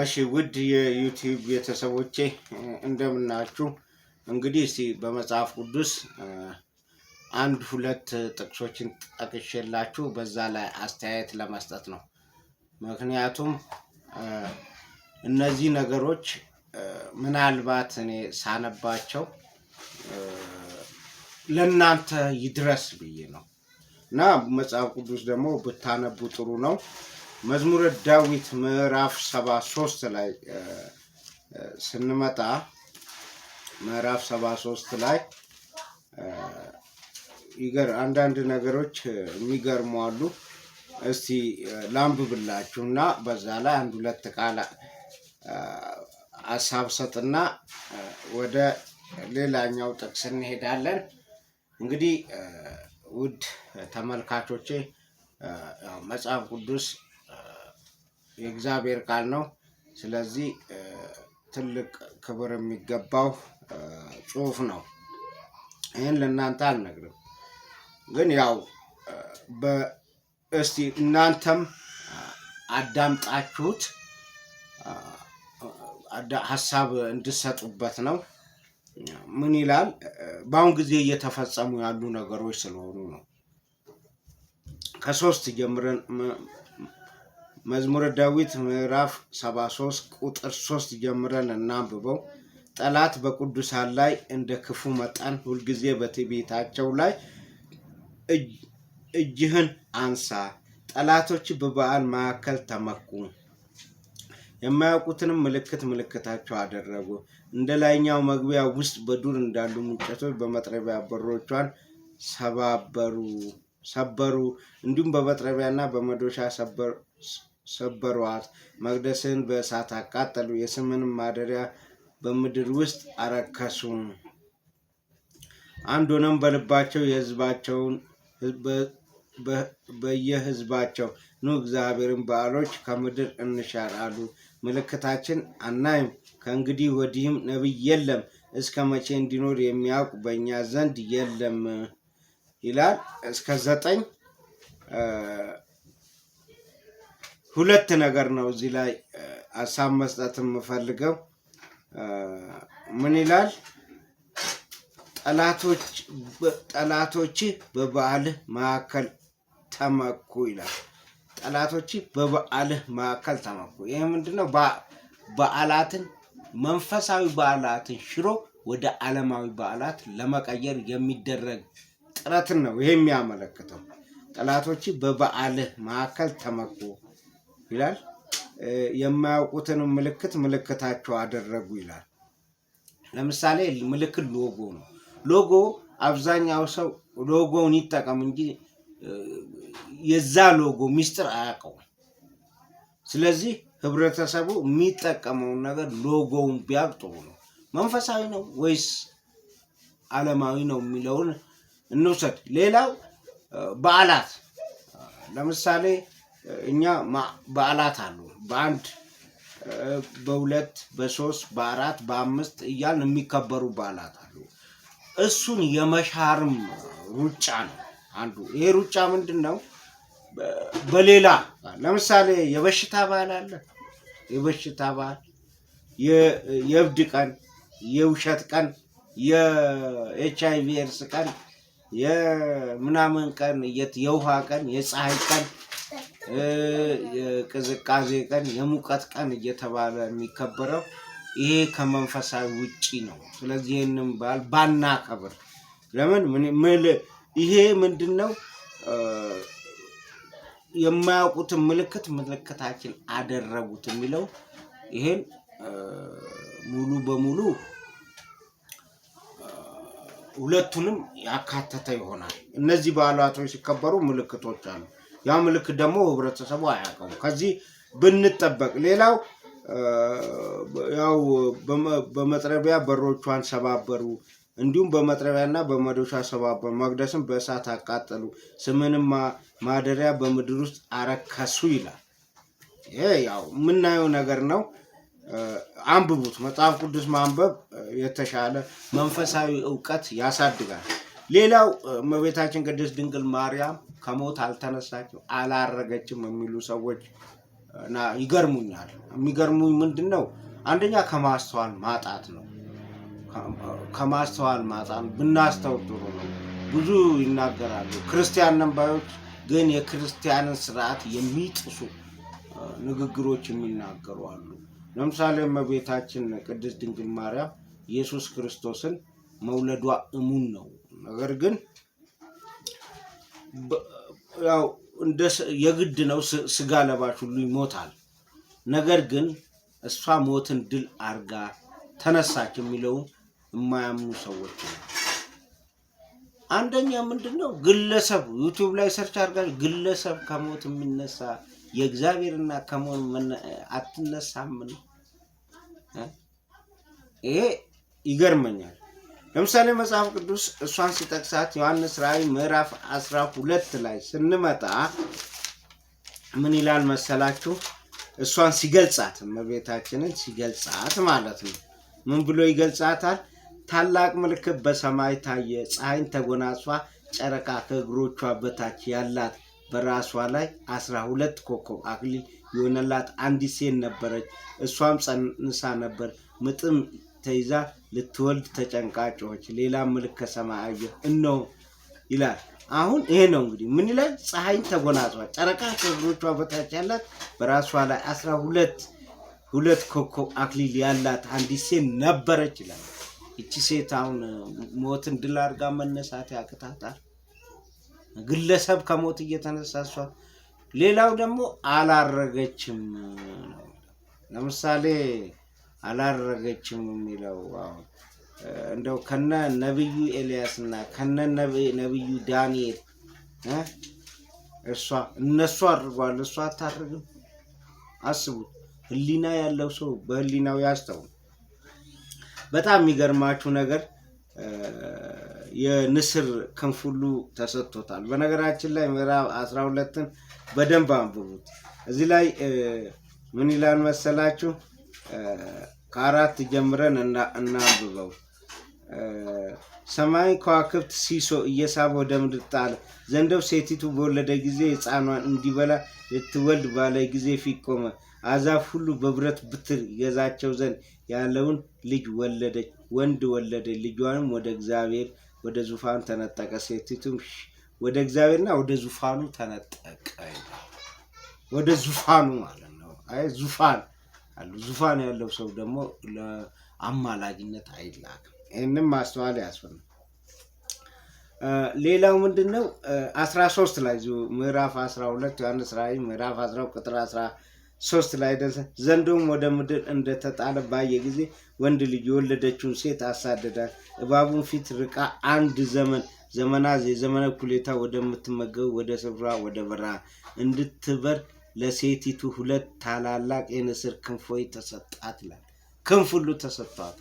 እሺ ውድ የዩቲዩብ ቤተሰቦቼ እንደምናችሁ። እንግዲህ እስቲ በመጽሐፍ ቅዱስ አንድ ሁለት ጥቅሶችን ጠቅሼላችሁ በዛ ላይ አስተያየት ለመስጠት ነው። ምክንያቱም እነዚህ ነገሮች ምናልባት እኔ ሳነባቸው ለእናንተ ይድረስ ብዬ ነው እና መጽሐፍ ቅዱስ ደግሞ ብታነቡ ጥሩ ነው። መዝሙረ ዳዊት ምዕራፍ ሰባ ሶስት ላይ ስንመጣ ምዕራፍ ሰባ ሶስት ላይ አንዳንድ ነገሮች የሚገርሙ አሉ። እስቲ ላንብብላችሁ እና በዛ ላይ አንድ ሁለት ቃል አሳብ ሰጥና ወደ ሌላኛው ጥቅስ እንሄዳለን። እንግዲህ ውድ ተመልካቾቼ መጽሐፍ ቅዱስ የእግዚአብሔር ቃል ነው። ስለዚህ ትልቅ ክብር የሚገባው ጽሑፍ ነው። ይህን ለእናንተ አልነግርም፣ ግን ያው እስቲ እናንተም አዳምጣችሁት ሀሳብ እንድሰጡበት ነው። ምን ይላል? በአሁን ጊዜ እየተፈጸሙ ያሉ ነገሮች ስለሆኑ ነው። ከሶስት ጀምረን መዝሙረ ዳዊት ምዕራፍ 73 ቁጥር 3 ጀምረን እናንብበው። ጠላት በቅዱሳን ላይ እንደ ክፉ መጠን ሁልጊዜ በትዕቢታቸው ላይ እጅህን አንሳ። ጠላቶች በበዓል ማዕከል ተመኩ፣ የማያውቁትንም ምልክት ምልክታቸው አደረጉ። እንደ ላይኛው መግቢያ ውስጥ በዱር እንዳሉ ምንጨቶች በመጥረቢያ በሮቿን ሰባበሩ ሰበሩ፣ እንዲሁም በመጥረቢያና በመዶሻ ሰበሩ። ሰበሯት፣ መቅደስን በእሳት አቃጠሉ፣ የስምንም ማደሪያ በምድር ውስጥ አረከሱ። አንድ ሆነም በልባቸው የህዝባቸውን በየህዝባቸው ኑ እግዚአብሔርን በዓሎች ከምድር እንሻር አሉ። ምልክታችን አናይም፣ ከእንግዲህ ወዲህም ነቢይ የለም፣ እስከ መቼ እንዲኖር የሚያውቅ በእኛ ዘንድ የለም ይላል እስከ ዘጠኝ ሁለት ነገር ነው እዚህ ላይ ሀሳብ መስጠት የምፈልገው። ምን ይላል? ጠላቶች በበዓልህ መካከል ተመኩ ይላል። ጠላቶች በበዓልህ መካከል ተመኩ። ይህ ምንድነው? በዓላትን መንፈሳዊ በዓላትን ሽሮ ወደ ዓለማዊ በዓላት ለመቀየር የሚደረግ ጥረትን ነው ይሄ የሚያመለክተው። ጠላቶች በበዓልህ መካከል ተመኩ ይላል። የማያውቁትን ምልክት ምልክታቸው አደረጉ ይላል። ለምሳሌ ምልክት ሎጎ ነው። ሎጎ አብዛኛው ሰው ሎጎውን ይጠቀም እንጂ የዛ ሎጎ ሚስጥር አያውቀውም። ስለዚህ ህብረተሰቡ የሚጠቀመውን ነገር ሎጎውን ቢያውቅ ጥሩ ነው። መንፈሳዊ ነው ወይስ ዓለማዊ ነው የሚለውን እንውሰድ። ሌላው በዓላት ለምሳሌ እኛ በዓላት አሉ በአንድ በሁለት በሶስት በአራት በአምስት እያል የሚከበሩ በዓላት አሉ። እሱን የመሻርም ሩጫ ነው አንዱ። ይሄ ሩጫ ምንድን ነው? በሌላ ለምሳሌ የበሽታ በዓል አለ። የበሽታ በዓል፣ የእብድ ቀን፣ የውሸት ቀን፣ የኤች አይ ቪ ኤድስ ቀን፣ የምናምን ቀን፣ የውሃ ቀን፣ የፀሐይ ቀን የቅዝቃዜ ቀን፣ የሙቀት ቀን እየተባለ የሚከበረው ይሄ ከመንፈሳዊ ውጪ ነው። ስለዚህ ይህንን በዓል ባናከብር ለምን ይሄ ምንድን ነው? የማያውቁትን ምልክት ምልክታችን አደረጉት የሚለው ይሄን ሙሉ በሙሉ ሁለቱንም ያካተተ ይሆናል። እነዚህ በዓላቶች ሲከበሩ ምልክቶች አሉ። ያ ምልክት ደግሞ ህብረተሰቡ አያውቀውም። ከዚህ ብንጠበቅ ሌላው ያው በመጥረቢያ በሮቿን ሰባበሩ፣ እንዲሁም በመጥረቢያና በመዶሻ ሰባበሩ፣ መቅደስን በእሳት አቃጠሉ፣ ስምንም ማደሪያ በምድር ውስጥ አረከሱ ይላል። ይሄ ያው የምናየው ነገር ነው። አንብቡት። መጽሐፍ ቅዱስ ማንበብ የተሻለ መንፈሳዊ እውቀት ያሳድጋል። ሌላው እመቤታችን ቅድስት ድንግል ማርያም ከሞት አልተነሳችም አላረገችም የሚሉ ሰዎች ይገርሙኛል። የሚገርሙኝ ምንድን ነው? አንደኛ ከማስተዋል ማጣት ነው። ከማስተዋል ማጣት ብናስተውል ጥሩ ነው። ብዙ ይናገራሉ። ክርስቲያን ነንባዮች ግን የክርስቲያንን ስርዓት የሚጥሱ ንግግሮች የሚናገሩ አሉ። ለምሳሌ እመቤታችን ቅድስት ድንግል ማርያም ኢየሱስ ክርስቶስን መውለዷ እሙን ነው ነገር ግን ያው እንደ የግድ ነው ስጋ ለባሽ ሁሉ ይሞታል። ነገር ግን እሷ ሞትን ድል አርጋ ተነሳች የሚለው የማያምኑ ሰዎች ነው። አንደኛ ምንድን ነው ግለሰብ ዩቲዩብ ላይ ሰርች አርጋ ግለሰብ ከሞት የሚነሳ የእግዚአብሔርና ከሞት አትነሳምን? ይሄ ይገርመኛል። ለምሳሌ መጽሐፍ ቅዱስ እሷን ሲጠቅሳት ዮሐንስ ራእይ ምዕራፍ አስራ ሁለት ላይ ስንመጣ ምን ይላል መሰላችሁ? እሷን ሲገልጻት እመቤታችንን ሲገልጻት ማለት ነው። ምን ብሎ ይገልጻታል? ታላቅ ምልክት በሰማይ ታየ፣ ፀሐይን ተጎናጽፋ ጨረቃ ከእግሮቿ በታች ያላት በራሷ ላይ አስራ ሁለት ኮከብ አክሊል የሆነላት አንዲት ሴት ነበረች። እሷም ጸንሳ ነበር ምጥም ተይዛ ልትወልድ ተጨንቃጮች ሌላ ምልክ ከሰማይ አየሁ እነሆ ይላል። አሁን ይሄ ነው እንግዲህ ምን ይላል? ፀሐይን ተጎናጽፏል። ጨረቃ ከእግሮቿ በታች ያላት በራሷ ላይ አስራ ሁለት ሁለት ኮከብ አክሊል ያላት አንዲት ሴት ነበረች ይላል። ይቺ ሴት አሁን ሞትን ድል አድርጋ መነሳት ያቅታታል። ግለሰብ ከሞት እየተነሳሷ ሌላው ደግሞ አላረገችም። ለምሳሌ አላረገችም የሚለው አሁን እንደው ከነ ነብዩ ኤልያስ እና ከነ ነቢዩ ዳንኤል እሷ እነሱ አድርጓል፣ እሷ አታርግም። አስቡት። ህሊና ያለው ሰው በህሊናው ያስተው በጣም የሚገርማችሁ ነገር የንስር ክንፍ ሁሉ ተሰጥቶታል። በነገራችን ላይ ምዕራፍ አስራ ሁለትን በደንብ አንብቡት። እዚህ ላይ ምን ይላል መሰላችሁ? ከአራት ጀምረን እናንብበው። ሰማይን ከዋክብት ሲሶ እየሳበ ወደ ምድር ጣለ። ዘንዶብ ሴቲቱ በወለደ ጊዜ ሕፃኗን እንዲበላ ልትወልድ ባለ ጊዜ ፊት ቆመ። አዛፍ ሁሉ በብረት ብትር ይገዛቸው ዘንድ ያለውን ልጅ ወለደች፣ ወንድ ወለደ። ልጇንም ወደ እግዚአብሔር ወደ ዙፋኑ ተነጠቀ። ሴቲቱም ወደ እግዚአብሔርና ወደ ዙፋኑ ተነጠቀ። ወደ ዙፋኑ ማለት ነው። አይ ዙፋን አሉ። ዙፋን ያለው ሰው ደግሞ ለአማላጅነት አይላክም። ይህንም ማስተዋል ያስፈል ሌላው ምንድን ነው? አስራ ሶስት ላይ ምዕራፍ አስራ ሁለት ዮሐንስ ራዕይ ምዕራፍ አስራ ቁጥር አስራ ሶስት ላይ ደ ዘንዶም ወደ ምድር እንደተጣለ ባየ ጊዜ ወንድ ልጅ የወለደችውን ሴት አሳደዳል። እባቡን ፊት ርቃ አንድ ዘመን ዘመናት የዘመነ ኩሌታ ወደምትመገብ ወደ ስፍራ ወደ በረሃ እንድትበር ለሴቲቱ ሁለት ታላላቅ የንስር ክንፎች ተሰጣት ይላል። ክንፍ ሁሉ ተሰጥቷት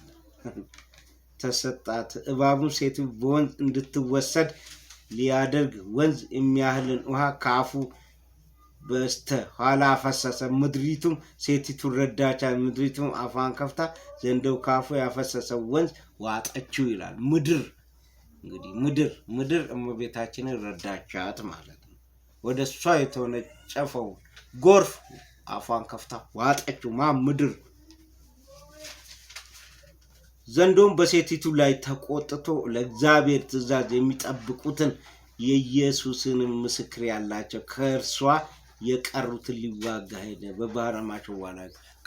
ተሰጣት። እባቡም ሴቲቱ በወንዝ እንድትወሰድ ሊያደርግ ወንዝ የሚያህልን ውሃ ከአፉ በስተ ኋላ አፈሰሰ። ምድሪቱም ሴቲቱን ረዳቻ። ምድሪቱም አፏን ከፍታ ዘንደው ካፉ ያፈሰሰው ወንዝ ዋጠችው ይላል። ምድር እንግዲህ ምድር ምድር እመቤታችንን ረዳቻት ማለት ነው። ወደ እሷ የተወነጨፈው ጎርፍ አፏን ከፍታ ዋጠችው። ማ ምድር ዘንዶም በሴቲቱ ላይ ተቆጥቶ ለእግዚአብሔር ትእዛዝ የሚጠብቁትን የኢየሱስንም ምስክር ያላቸው ከእርሷ የቀሩትን ሊዋጋ ሄደ። በባህረ ማሸዋ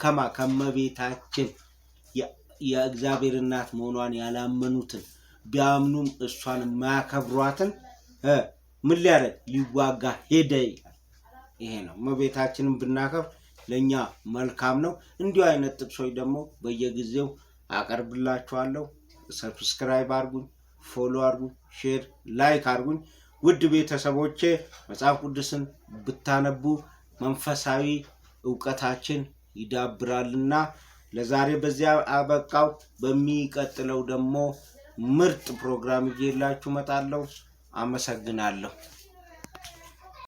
ከማ ከመቤታችን የእግዚአብሔር እናት መሆኗን ያላመኑትን ቢያምኑም እሷን የማያከብሯትን ምን ሊያደርግ ሊዋጋ ሄደ። ይሄ ነው። እመቤታችንን ብናከብር ለእኛ መልካም ነው። እንዲሁ አይነት ጥቅሶች ደግሞ በየጊዜው አቀርብላችኋለሁ። ሰብስክራይብ አርጉኝ፣ ፎሎ አርጉኝ፣ ሼር ላይክ አርጉኝ። ውድ ቤተሰቦቼ መጽሐፍ ቅዱስን ብታነቡ መንፈሳዊ እውቀታችን ይዳብራልና ለዛሬ በዚያ አበቃው። በሚቀጥለው ደግሞ ምርጥ ፕሮግራም ይዤላችሁ እመጣለሁ። አመሰግናለሁ።